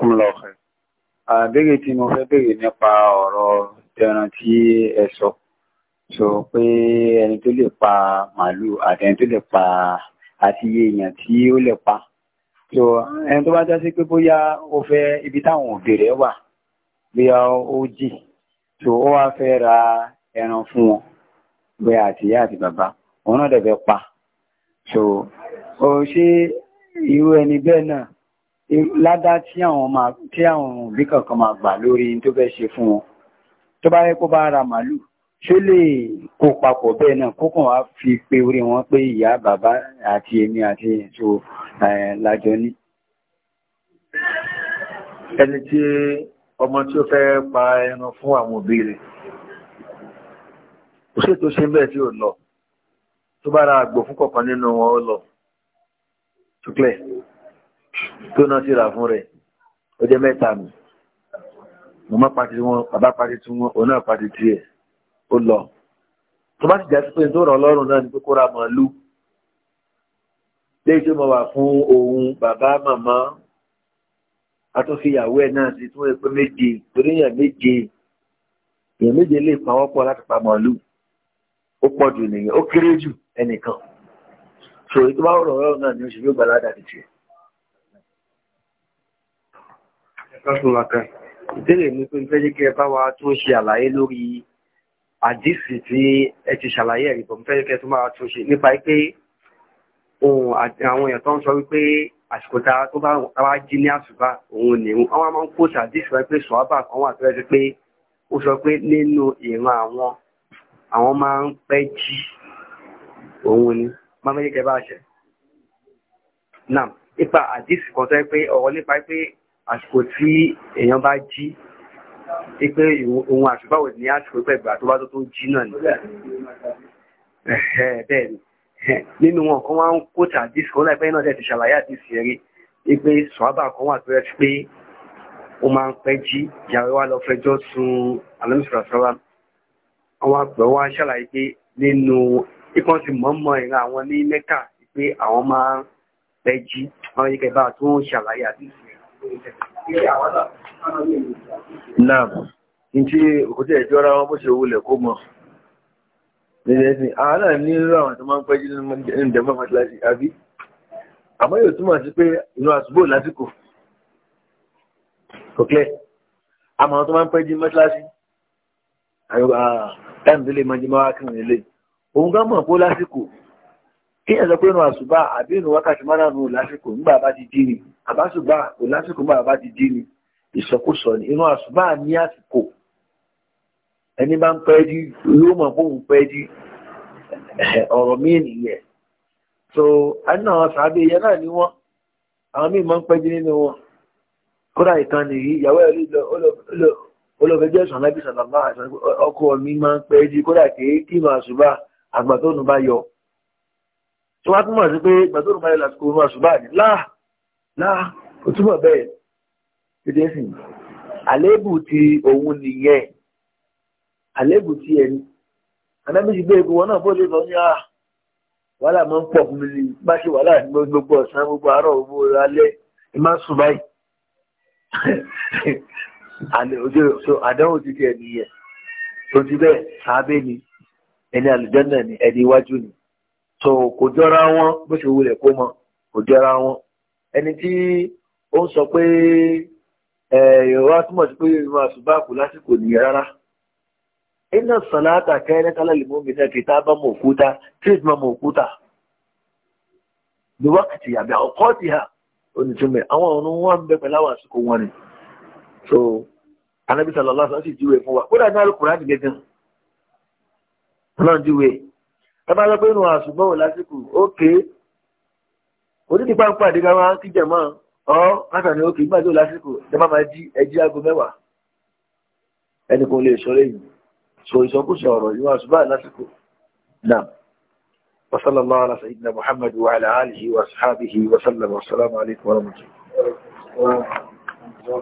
Jazakumullahu khair. Àbẹ́rẹ́ tí mo fẹ́ bèèrè nípa ọ̀rọ̀ tẹran tí ẹ sọ. Sọ pé ẹni tó lè pa màálù àti ẹni tó lè pa àti èèyàn tí ó lè pa. Sọ ẹni tó bá já sí pé bóyá ó fẹ́ ibi táwọn òbí rẹ̀ wà bóyá ó jì. Sọ ó wá fẹ́ ra ẹran fún wọn bóyá àti ìyá àti bàbá. Òun náà dẹ̀ fẹ́ pa. Sọ ó ṣe irú ẹni bẹ́ẹ̀ náà ládá tí àwọn òbí kankan máa gbà lórí tó fẹ́ ṣe fún wọn tó bá yẹ kó bá ra màálù ṣó lè kó papọ̀ bẹ́ẹ̀ náà kó kàn wá fi pé orí wọn pé ìyá bàbá àti èmi àti ètò lájọ ní. ẹni tí ọmọ tí ó fẹ́ pa ẹran fún àwọn òbí rẹ̀ kò sí ètò ṣe bẹ́ẹ̀ tí ò lọ tó bá ra àgbò fún kọ̀ọ̀kan nínú wọn ó lọ tó náà ti rà fún rẹ̀ ó jẹ́ mẹ́ta mi mo má pàtí wọn bàbá pàtí tí wọn òun náà pàtí tí ẹ̀ ó lọ tó bá ti jà sí pé tó rọ̀ ọlọ́run náà ni pé kó ra màálù léyìí tó mọ̀ wà fún òun bàbá màmá atọ́fíyàwó ẹ̀ náà ti tún ẹ̀pẹ́ méje torí èèyàn méje èèyàn méje lè pawọ́ pọ̀ láti pa màálù ó pọ̀ jù nìyẹn ó kéré jù ẹnìkan ṣòro tó bá rọ̀ ọlọ́run náà ni ó ṣe yóò gbà ládàá tiẹ̀. lọ́sùnlọ́kan ìbéèrè mi pé fẹ́ jẹ́ kí ẹ bá wa tún ṣe àlàyé lórí àdìsí tí ẹ ti ṣàlàyé ẹ̀rí bọ̀ fẹ́ jẹ́ kí ẹ tún bá wa tún ṣe nípa pé ohun àwọn èèyàn tó ń sọ wípé àsìkò tó bá jí ní àsùbá òun ni àwọn máa ń kó sàdísì wáyé pé sọ́ábà kan wà tó rẹ́ pé ó sọ pé nínú ìran àwọn ni máa mẹ́jẹ̀kẹ́ bá ṣẹ̀ náà nípa àdìsí kan tó rẹ́ pé àsìkò tí èèyàn bá jí pé ohun àṣùgbàwò ní àsìkò pẹ̀gbà tó bá tó tó jí náà ni bẹ́ẹ̀ ni nínú wọn kan wọ́n ń kó tàbí sọ láìpẹ́ náà dẹ̀ ti ṣàlàyé àti ìṣẹ̀rí pé sọ́ábà kan wà tó rẹ̀ sí pé ó máa ń pẹ́ jí ìyàwó wa lọ fẹjọ́ sun alẹ́mùsùlùmí àwọn àgbẹ̀ wa ṣàlàyé pé nínú ikán ti Naam, in tí òkúté ẹ̀jọ́ ara wọn bó ṣe wulẹ̀ kó mọ̀. Nílẹ̀ sí, àánà ní irú àwọn tó máa ń pẹ́jú nínú dẹ̀mọ́ fàtíláṣì àbí. Àmọ́ yóò túmọ̀ sí pé inú àsùbò lásìkò. Kọ̀kẹ́, àmọ́ tó máa ń pẹ́jú mọ́tíláṣì. Àyọ̀ àtàmì tó lè máa jẹ máa wá kírun nílé. Òun gá mọ̀ pó lásìkò kí ẹ̀sọ́ pé nù àṣùbà àbí nù wákàtí márùn-ún lásìkò nígbà bá ti dí ni àbáṣùbà kò lásìkò nígbà bá ti dí ni ìsọkúsọ ni inú àṣùbà ní àsìkò ẹni bá ń pẹ́ dí yóò mọ̀ fóun pẹ́ dí ọ̀rọ̀ míì nìyẹn so ẹni àwọn sàábé yẹn náà ni wọ́n àwọn míì máa ń pẹ́ dí nínú wọn kódà ìkan nìyí ìyàwó ẹ̀ ló olóògbẹ́jọ́ ìsàn lábìsàn làbá ọkọ mi máa ń pẹ́ dí kódà kéèké tí wọ́n túnmọ̀ sí pé gbàdúrà máa yẹ lásìkò oorun àṣùbà ní láà láà kò túnmọ̀ bẹ́ẹ̀ dédé sì àléébù ti òun nìyẹn àléébù ti ẹni anábìsí gbé egbò wọn náà bó lè lọ ní àà wàhálà máa ń pọ̀ fún mi ní bá ṣe wàhálà ní gbogbo ọ̀sán gbogbo àárọ̀ gbogbo alẹ́ ẹ má sùn báyìí àdánwò ti ti nìyẹn tó ti bẹ́ẹ̀ sáábẹ́ ni ẹni àlùjànnà ni ẹni iwájú ni so kò jọra wọn bó ṣe wulẹ̀ kó mọ kò jọra wọn ẹni tí ó ń sọ pé ìrora túmọ̀ sí pé àṣùbá kù lásìkò nìyẹn rárá iná sàlátà kẹrẹ náà kìí mọ̀ òkúta tíìtì mọ̀ òkúta lùwákìtì àbí ọkọ̀ ti hà onítúmẹ̀ àwọn ọ̀run wọn ń bẹ pẹ̀lú àsìkò wọn ni so anábìsà lọ́lá sọ́ọ́ sì fún ẹ bá sọ pé nù àṣùgbọ́n wò lásìkò ókè onídìí pàǹpàdé ká máa ń kíjẹ̀ mọ́ ọ látàní ókè nígbà tó lásìkò ẹ má máa jí ẹjí aago mẹ́wàá ẹnì kan lè sọ lẹ́yìn sọ ìsọkúsọ ọ̀rọ̀ ìwọ̀n àṣùgbọ́n lásìkò náà wasallallahu ala sayyidina muhammad wa ala alihi wa sahabihi wa sallam alaykum wa rahmatullahi